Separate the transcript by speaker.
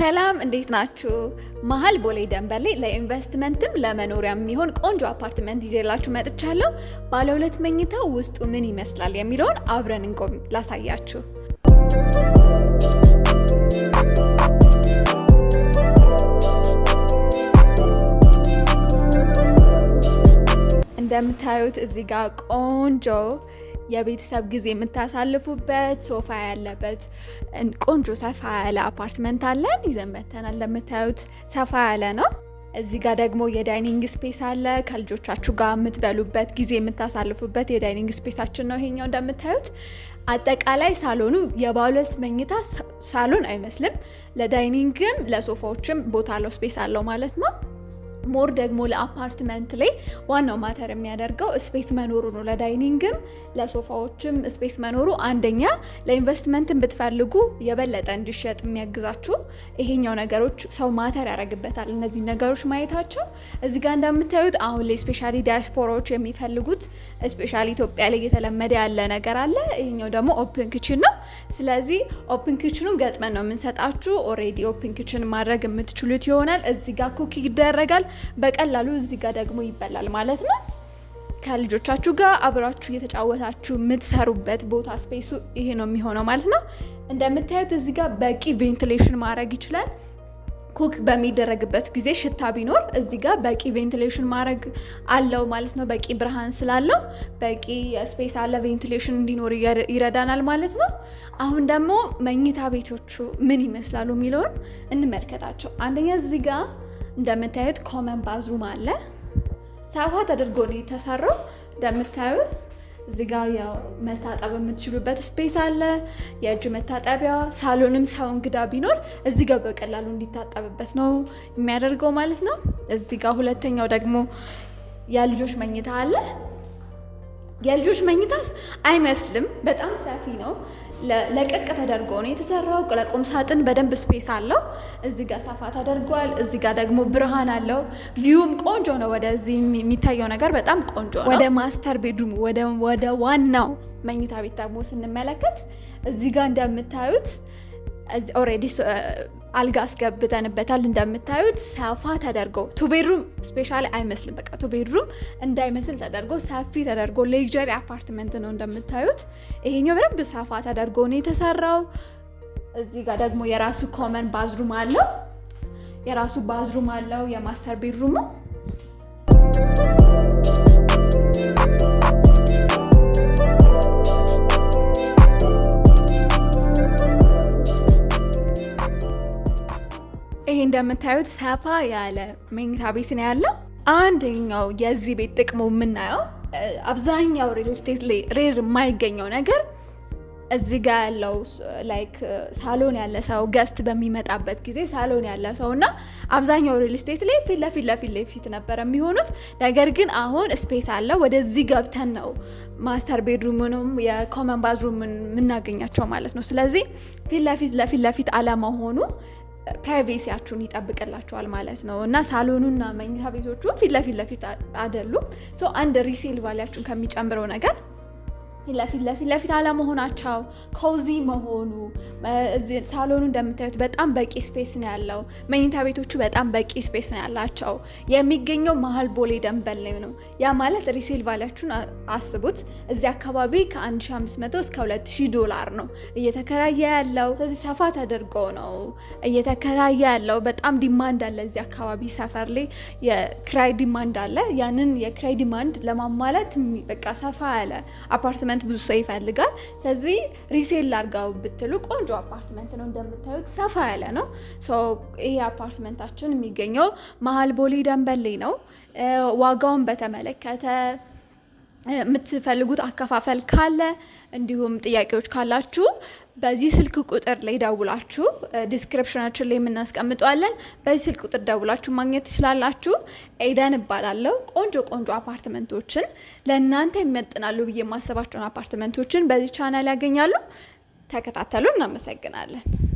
Speaker 1: ሰላም እንዴት ናችሁ? መሀል ቦሌ ደንበሌ ለኢንቨስትመንትም ለመኖሪያ የሚሆን ቆንጆ አፓርትመንት ይዤላችሁ መጥቻለሁ። ባለ ሁለት መኝታ ውስጡ ምን ይመስላል የሚለውን አብረን እንቆም ላሳያችሁ። እንደምታዩት እዚህ ጋር ቆንጆ የቤተሰብ ጊዜ የምታሳልፉበት ሶፋ ያለበት ቆንጆ ሰፋ ያለ አፓርትመንት አለን። ይዘን መተናል። ሰፋ ያለ ነው። እዚህ ጋር ደግሞ የዳይኒንግ ስፔስ አለ። ከልጆቻችሁ ጋር የምትበሉበት ጊዜ የምታሳልፉበት የዳይኒንግ ስፔሳችን ነው ይሄኛው። እንደምታዩት አጠቃላይ ሳሎኑ የባሁለት መኝታ ሳሎን አይመስልም። ለዳይኒንግም ለሶፋዎችም ቦታ አለው፣ ስፔስ አለው ማለት ነው። ሞር ደግሞ ለአፓርትመንት ላይ ዋናው ማተር የሚያደርገው ስፔስ መኖሩ ነው። ለዳይኒንግም ለሶፋዎችም ስፔስ መኖሩ አንደኛ ለኢንቨስትመንትን ብትፈልጉ የበለጠ እንዲሸጥ የሚያግዛችሁ ይሄኛው ነገሮች ሰው ማተር ያደርግበታል። እነዚህ ነገሮች ማየታቸው እዚህ ጋር እንደምታዩት አሁን ላይ ስፔሻሊ ዳያስፖራዎች የሚፈልጉት ስፔሻሊ ኢትዮጵያ ላይ እየተለመደ ያለ ነገር አለ። ይሄኛው ደግሞ ኦፕን ክችን ነው። ስለዚህ ኦፕን ኪችኑን ገጥመን ነው የምንሰጣችሁ። ኦሬዲ ኦፕን ኪችን ማድረግ የምትችሉት ይሆናል። እዚህ ጋር ኩክ ይደረጋል በቀላሉ እዚህ ጋር ደግሞ ይበላል ማለት ነው። ከልጆቻችሁ ጋር አብራችሁ እየተጫወታችሁ የምትሰሩበት ቦታ ስፔሱ ይሄ ነው የሚሆነው ማለት ነው። እንደምታዩት እዚህ ጋር በቂ ቬንቲሌሽን ማድረግ ይችላል። ኩክ በሚደረግበት ጊዜ ሽታ ቢኖር እዚህ ጋር በቂ ቬንቲሌሽን ማድረግ አለው ማለት ነው። በቂ ብርሃን ስላለው በቂ ስፔስ አለ፣ ቬንቲሌሽን እንዲኖር ይረዳናል ማለት ነው። አሁን ደግሞ መኝታ ቤቶቹ ምን ይመስላሉ የሚለውን እንመልከታቸው። አንደኛ እዚህ ጋር እንደምታዩት ኮመን ባዝሩም አለ። ሰፋ ተደርጎ ነው የተሰራው እንደምታዩት እዚጋ መታጠብ የምትችሉበት ስፔስ አለ። የእጅ መታጠቢያ ሳሎንም ሰው እንግዳ ቢኖር እዚጋ በቀላሉ እንዲታጠብበት ነው የሚያደርገው ማለት ነው። እዚጋ ሁለተኛው ደግሞ የልጆች መኝታ አለ። የልጆች መኝታስ አይመስልም። በጣም ሰፊ ነው። ለቀቅ ተደርጎ ነው የተሰራው። ለቁም ሳጥን በደንብ ስፔስ አለው። እዚህ ጋር ሳፋ ተደርጓል። እዚህ ጋር ደግሞ ብርሃን አለው። ቪውም ቆንጆ ነው። ወደዚህ የሚታየው ነገር በጣም ቆንጆ ነው። ወደ ማስተር ቤድሩም ወደ ዋናው መኝታ ቤት ደግሞ ስንመለከት እዚህ ጋር እንደምታዩት ኦልሬዲ አልጋ አስገብተንበታል። እንደምታዩት ሰፋ ተደርጎ ቱቤድሩም ስፔሻሊ አይመስልም። በቃ ቱቤድሩም እንዳይመስል ተደርጎ ሰፊ ተደርጎ ሌጀሪ አፓርትመንት ነው እንደምታዩት። ይሄኛው በደንብ ሰፋ ተደርጎ ነው የተሰራው። እዚህ ጋር ደግሞ የራሱ ኮመን ባዝሩም አለው። የራሱ ባዝሩም አለው የማስተር ቤድሩሙ እንደምታዩት ሰፋ ያለ መኝታ ቤት ነው ያለው። አንደኛው የዚህ ቤት ጥቅሙ የምናየው አብዛኛው ሪል ስቴት ላይ ሬር የማይገኘው ነገር እዚህ ጋ ያለው ላይክ ሳሎን ያለ ሰው ገስት በሚመጣበት ጊዜ ሳሎን ያለ ሰው እና አብዛኛው ሪል ስቴት ላይ ፊት ለፊት ለፊት ለፊት ነበር የሚሆኑት። ነገር ግን አሁን ስፔስ አለ። ወደዚህ ገብተን ነው ማስተር ቤድሩምንም የኮመን ባዝሩምን የምናገኛቸው ማለት ነው። ስለዚህ ፊት ለፊት ለፊት ለፊት አለመሆኑ ፕራይቬሲያችሁን ይጠብቅላችኋል ማለት ነው እና ሳሎኑና መኝታ ቤቶቹ ፊት ለፊት ለፊት አይደሉም። አንድ ሪሴል ቫሊያችሁን ከሚጨምረው ነገር ለፊት ለፊት ለፊት አለመሆናቸው ኮዚ መሆኑ ሳሎኑ እንደምታዩት በጣም በቂ ስፔስ ነው ያለው። መኝታ ቤቶቹ በጣም በቂ ስፔስ ነው ያላቸው። የሚገኘው መሀል ቦሌ ደንበል ነው። ያ ማለት ሪሴል ቫሊያችሁን አስቡት። እዚህ አካባቢ ከ1500 እስከ 2000 ዶላር ነው እየተከራየ ያለው። ስለዚህ ሰፋ ተደርጎ ነው እየተከራየ ያለው። በጣም ዲማንድ አለ እዚህ አካባቢ ሰፈር ላይ የክራይ ዲማንድ አለ። ያንን የክራይ ዲማንድ ለማሟላት በቃ ሰፋ ያለ አፓርትመንት አፓርትመንት ብዙ ሰው ይፈልጋል። ስለዚህ ሪሴል ላርጋው ብትሉ ቆንጆ አፓርትመንት ነው። እንደምታዩት ሰፋ ያለ ነው። ይሄ አፓርትመንታችን የሚገኘው መሀል ቦሌ ደንበሌ ነው። ዋጋውን በተመለከተ የምትፈልጉት አከፋፈል ካለ እንዲሁም ጥያቄዎች ካላችሁ በዚህ ስልክ ቁጥር ላይ ደውላችሁ ዲስክሪፕሽናችን ላይ የምናስቀምጠዋለን። በዚህ ስልክ ቁጥር ደውላችሁ ማግኘት ትችላላችሁ። ኤደን እባላለሁ። ቆንጆ ቆንጆ አፓርትመንቶችን ለእናንተ የሚያጥናሉ ብዬ የማሰባቸውን አፓርትመንቶችን በዚህ ቻናል ያገኛሉ። ተከታተሉ። እናመሰግናለን።